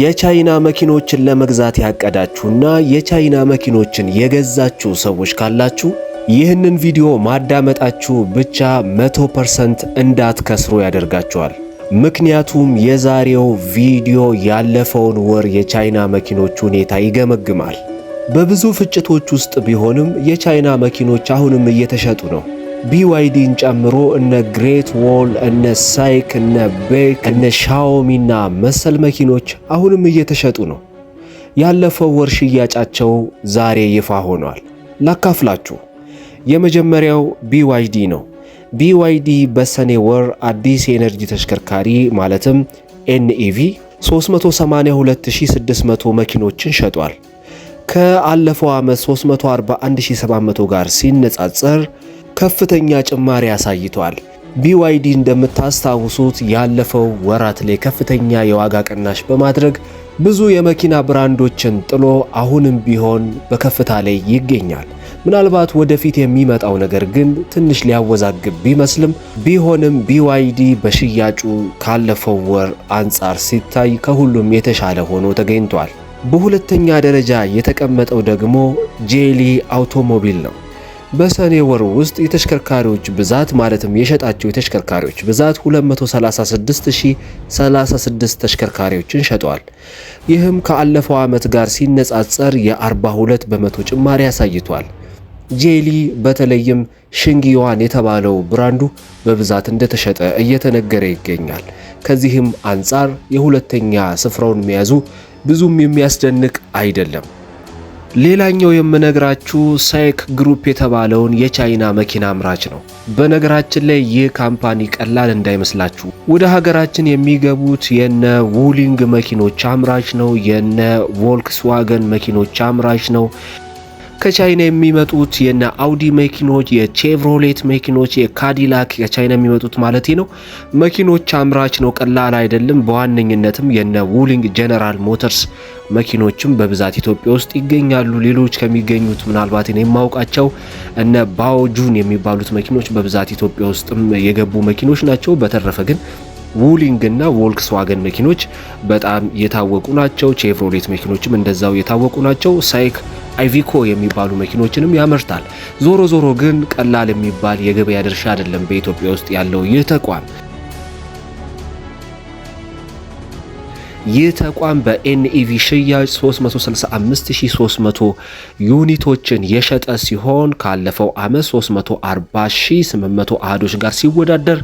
የቻይና መኪኖችን ለመግዛት ያቀዳችሁና የቻይና መኪኖችን የገዛችሁ ሰዎች ካላችሁ ይህንን ቪዲዮ ማዳመጣችሁ ብቻ 100% እንዳትከስሩ ያደርጋችኋል። ምክንያቱም የዛሬው ቪዲዮ ያለፈውን ወር የቻይና መኪኖች ሁኔታ ይገመግማል። በብዙ ፍጭቶች ውስጥ ቢሆንም የቻይና መኪኖች አሁንም እየተሸጡ ነው። ቢዋይዲን ጨምሮ እነ ግሬት ዎል፣ እነ ሳይክ፣ እነ ቤክ፣ እነ እና መሰል መኪኖች አሁንም እየተሸጡ ነው። ያለፈው ወር ሽያጫቸው ዛሬ ይፋ ሆኗል። ላካፍላችሁ። የመጀመሪያው ቢዋይዲ ነው። ቢዋይዲ በሰኔ ወር አዲስ የኤነርጂ ተሽከርካሪ ማለትም ኤንኢቪ 382600 መኪኖችን ሸጧል። ከአለፈው ዓመት 341700 ጋር ሲነጻጸር ከፍተኛ ጭማሪ አሳይቷል። ቢዋይዲ እንደምታስታውሱት ያለፈው ወራት ላይ ከፍተኛ የዋጋ ቅናሽ በማድረግ ብዙ የመኪና ብራንዶችን ጥሎ አሁንም ቢሆን በከፍታ ላይ ይገኛል። ምናልባት ወደፊት የሚመጣው ነገር ግን ትንሽ ሊያወዛግብ ቢመስልም ቢሆንም ቢዋይዲ በሽያጩ ካለፈው ወር አንጻር ሲታይ ከሁሉም የተሻለ ሆኖ ተገኝቷል። በሁለተኛ ደረጃ የተቀመጠው ደግሞ ጄሊ አውቶሞቢል ነው። በሰኔ ወር ውስጥ የተሽከርካሪዎች ብዛት ማለትም የሸጣቸው የተሽከርካሪዎች ብዛት 236036 ተሽከርካሪዎችን ሸጠዋል። ይህም ከአለፈው ዓመት ጋር ሲነጻጸር የ42 በመቶ ጭማሪ አሳይቷል። ጄሊ በተለይም ሽንግዮዋን የተባለው ብራንዱ በብዛት እንደተሸጠ እየተነገረ ይገኛል። ከዚህም አንጻር የሁለተኛ ስፍራውን መያዙ ብዙም የሚያስደንቅ አይደለም። ሌላኛው የምነግራችሁ ሳይክ ግሩፕ የተባለውን የቻይና መኪና አምራች ነው። በነገራችን ላይ ይህ ካምፓኒ ቀላል እንዳይመስላችሁ። ወደ ሀገራችን የሚገቡት የነ ውሊንግ መኪኖች አምራች ነው። የነ ቮልክስዋገን መኪኖች አምራች ነው። ከቻይና የሚመጡት የነ አውዲ መኪኖች፣ የቼቭሮሌት መኪኖች፣ የካዲላክ ከቻይና የሚመጡት ማለት ነው መኪኖች አምራች ነው፣ ቀላል አይደለም። በዋነኝነትም የነ ውሊንግ ጀነራል ሞተርስ መኪኖችም በብዛት ኢትዮጵያ ውስጥ ይገኛሉ። ሌሎች ከሚገኙት ምናልባት እኔ የማውቃቸው እነ ባኦጁን የሚባሉት መኪኖች በብዛት ኢትዮጵያ ውስጥም የገቡ መኪኖች ናቸው። በተረፈ ግን ውሊንግ እና ቮልክስዋገን መኪኖች በጣም የታወቁ ናቸው። ቼቭሮሌት መኪኖችም እንደዛው የታወቁ ናቸው። ሳይክ አይቪኮ የሚባሉ መኪኖችንም ያመርታል። ዞሮ ዞሮ ግን ቀላል የሚባል የገበያ ድርሻ አይደለም በኢትዮጵያ ውስጥ ያለው ይህ ተቋም። ይህ ተቋም በኤንኢቪ ሽያጭ 365300 ዩኒቶችን የሸጠ ሲሆን ካለፈው ዓመት 340800 አህዶች ጋር ሲወዳደር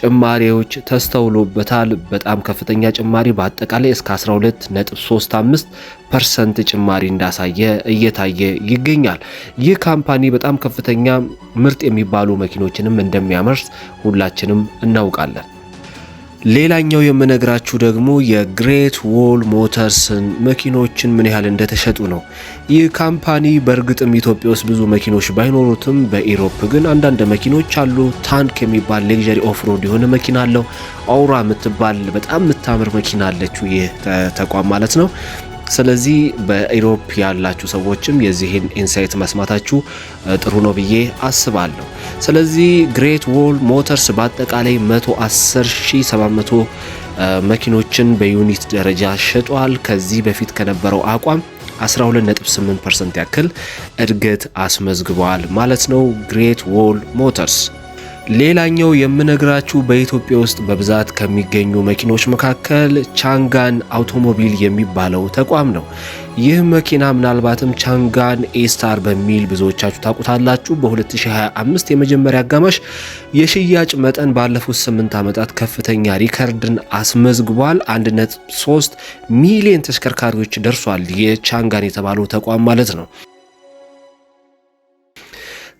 ጭማሪዎች ተስተውሎበታል። በጣም ከፍተኛ ጭማሪ በአጠቃላይ እስከ 12.35 ፐርሰንት ጭማሪ እንዳሳየ እየታየ ይገኛል። ይህ ካምፓኒ በጣም ከፍተኛ ምርጥ የሚባሉ መኪኖችንም እንደሚያመርት ሁላችንም እናውቃለን። ሌላኛው የምነግራችሁ ደግሞ የግሬት ዎል ሞተርስን መኪኖችን ምን ያህል እንደተሸጡ ነው። ይህ ካምፓኒ በእርግጥም ኢትዮጵያ ውስጥ ብዙ መኪኖች ባይኖሩትም በኢሮፕ ግን አንዳንድ መኪኖች አሉ። ታንክ የሚባል ሌክዠሪ ኦፍሮድ የሆነ መኪና አለው። አውራ የምትባል በጣም የምታምር መኪና አለችው ይህ ተቋም ማለት ነው። ስለዚህ በኢሮፕ ያላችሁ ሰዎችም የዚህን ኢንሳይት መስማታችሁ ጥሩ ነው ብዬ አስባለሁ። ስለዚህ ግሬት ዎል ሞተርስ በአጠቃላይ 110700 መኪኖችን በዩኒት ደረጃ ሸጧል ከዚህ በፊት ከነበረው አቋም 12.8% ያክል እድገት አስመዝግበዋል ማለት ነው ግሬት ዎል ሞተርስ ሌላኛው የምነግራችሁ በኢትዮጵያ ውስጥ በብዛት ከሚገኙ መኪኖች መካከል ቻንጋን አውቶሞቢል የሚባለው ተቋም ነው። ይህ መኪና ምናልባትም ቻንጋን ኤስታር በሚል ብዙዎቻችሁ ታውቁታላችሁ። በ2025 የመጀመሪያ አጋማሽ የሽያጭ መጠን ባለፉት 8 ዓመታት ከፍተኛ ሪከርድን አስመዝግቧል። 1.3 ሚሊዮን ተሽከርካሪዎች ደርሷል። የቻንጋን የተባለው ተቋም ማለት ነው።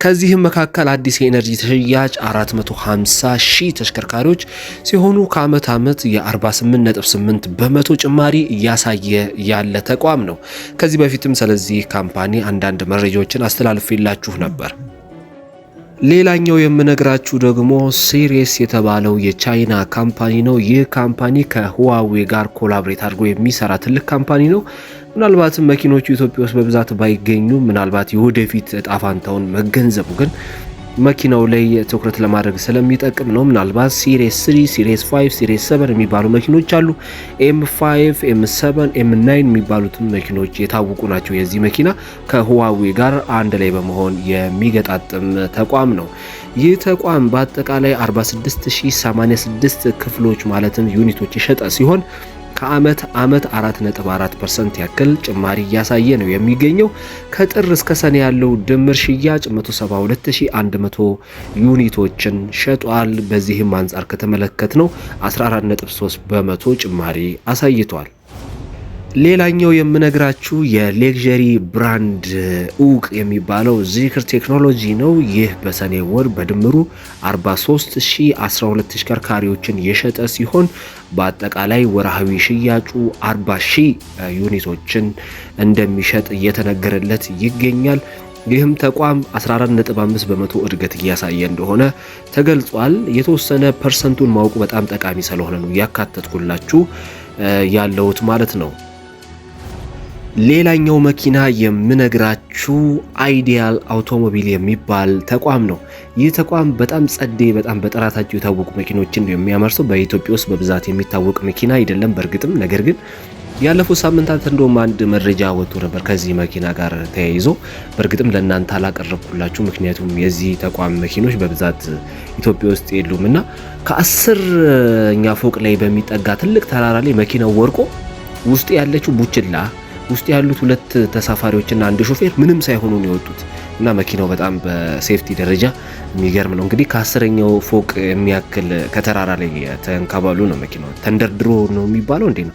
ከዚህም መካከል አዲስ የኤነርጂ ተሽያጭ 450 ሺህ ተሽከርካሪዎች ሲሆኑ ከዓመት ዓመት የ48.8 በመቶ ጭማሪ እያሳየ ያለ ተቋም ነው። ከዚህ በፊትም ስለዚህ ካምፓኒ አንዳንድ መረጃዎችን አስተላልፌላችሁ ነበር። ሌላኛው የምነግራችሁ ደግሞ ሲሪየስ የተባለው የቻይና ካምፓኒ ነው። ይህ ካምፓኒ ከሁዋዌ ጋር ኮላብሬት አድርጎ የሚሰራ ትልቅ ካምፓኒ ነው። ምናልባትም መኪኖቹ ኢትዮጵያ ውስጥ በብዛት ባይገኙ ምናልባት የወደፊት እጣፋንታውን መገንዘቡ ግን መኪናው ላይ ትኩረት ለማድረግ ስለሚጠቅም ነው። ምናልባት ሲሪስ 3 ሲሪስ 5 ሲሪስ 7 የሚባሉ መኪኖች አሉ። ኤም 5 ኤም 7 ኤም 9 የሚባሉትም መኪኖች የታወቁ ናቸው። የዚህ መኪና ከሁዋዌ ጋር አንድ ላይ በመሆን የሚገጣጥም ተቋም ነው። ይህ ተቋም በአጠቃላይ 46086 ክፍሎች ማለትም ዩኒቶች የሸጠ ሲሆን ከአመት አመት 4.4 ፐርሰንት ያክል ጭማሪ እያሳየ ነው የሚገኘው። ከጥር እስከ ሰኔ ያለው ድምር ሽያጭ 172100 ዩኒቶችን ሸጧል። በዚህም አንጻር ከተመለከት ነው 14.3 በመቶ ጭማሪ አሳይቷል። ሌላኛው የምነግራችሁ የሌክዠሪ ብራንድ እውቅ የሚባለው ዚክር ቴክኖሎጂ ነው። ይህ በሰኔ ወር በድምሩ 43,012 ተሽከርካሪዎችን የሸጠ ሲሆን በአጠቃላይ ወርሃዊ ሽያጩ 40,000 ዩኒቶችን እንደሚሸጥ እየተነገረለት ይገኛል። ይህም ተቋም 14.5 በመቶ እድገት እያሳየ እንደሆነ ተገልጿል። የተወሰነ ፐርሰንቱን ማወቁ በጣም ጠቃሚ ስለሆነ ነው ያካተትኩላችሁ ያለሁት ማለት ነው። ሌላኛው መኪና የምነግራችሁ አይዲያል አውቶሞቢል የሚባል ተቋም ነው። ይህ ተቋም በጣም ጸዴ፣ በጣም በጥራታቸው የታወቁ መኪኖችን የሚያመርሰው በኢትዮጵያ ውስጥ በብዛት የሚታወቅ መኪና አይደለም በእርግጥም ነገር ግን ያለፉት ሳምንታት እንደውም አንድ መረጃ ወጥቶ ነበር ከዚህ መኪና ጋር ተያይዞ። በእርግጥም ለእናንተ አላቀረብኩላችሁ፣ ምክንያቱም የዚህ ተቋም መኪኖች በብዛት ኢትዮጵያ ውስጥ የሉም እና ከአስረኛ ፎቅ ላይ በሚጠጋ ትልቅ ተራራ ላይ መኪናው ወርቆ ውስጥ ያለችው ቡችላ ውስጥ ያሉት ሁለት ተሳፋሪዎችና አንድ ሾፌር ምንም ሳይሆኑ ነው የወጡት እና መኪናው በጣም በሴፍቲ ደረጃ የሚገርም ነው። እንግዲህ ከአስረኛው ፎቅ የሚያክል ከተራራ ላይ ተንከባሉ ነው መኪናው ተንደርድሮ ነው የሚባለው እንዴ ነው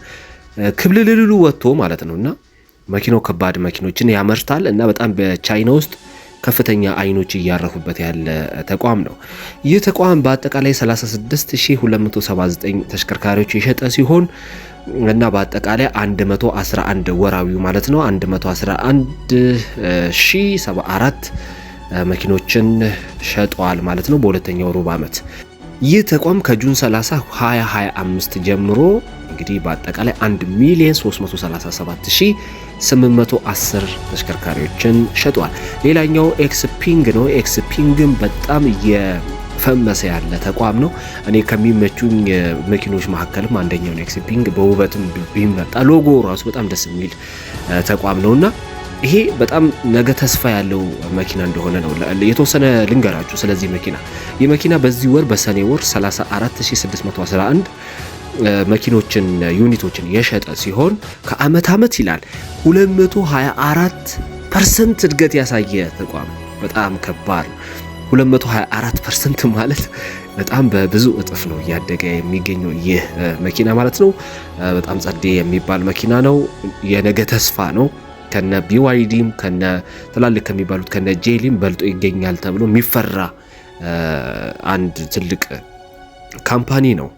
ክብልልሉ ወጥቶ ማለት ነው። እና መኪናው ከባድ መኪኖችን ያመርታል እና በጣም በቻይና ውስጥ ከፍተኛ አይኖች እያረፉበት ያለ ተቋም ነው። ይህ ተቋም በአጠቃላይ 36279 ተሽከርካሪዎች የሸጠ ሲሆን እና በአጠቃላይ 111 ወራዊ ማለት ነው 111074 መኪኖችን ሸጠዋል ማለት ነው በሁለተኛው ሩብ ዓመት። ይህ ተቋም ከጁን 30 2025 ጀምሮ እንግዲህ በአጠቃላይ 1 ሚሊዮን ተሽከርካሪዎችን ሸጠዋል። ሌላኛው ኤክስፒንግ ነው። ኤክስፒንግን በጣም የ ፈመሰ ያለ ተቋም ነው። እኔ ከሚመቹኝ መኪኖች መካከልም አንደኛው ኔክስፒንግ በውበትም ቢመጣ ሎጎ ራሱ በጣም ደስ የሚል ተቋም እና ይሄ በጣም ነገ ተስፋ ያለው መኪና እንደሆነ ነው። የተወሰነ ልንገራችሁ ስለዚህ መኪና። ይህ መኪና በዚህ ወር በሰኔ ወር 34611 መኪኖችን ዩኒቶችን የሸጠ ሲሆን ከአመት አመት ይላል 224 ፐርሰንት እድገት ያሳየ ተቋም በጣም ከባድ ነው። 224% ማለት በጣም በብዙ እጥፍ ነው እያደገ የሚገኘው ይህ መኪና ማለት ነው። በጣም ጸዴ የሚባል መኪና ነው። የነገ ተስፋ ነው። ከነ ቢዋይዲም ከነ ትላልቅ ከሚባሉት ከነ ጄሊም በልጦ ይገኛል ተብሎ የሚፈራ አንድ ትልቅ ካምፓኒ ነው።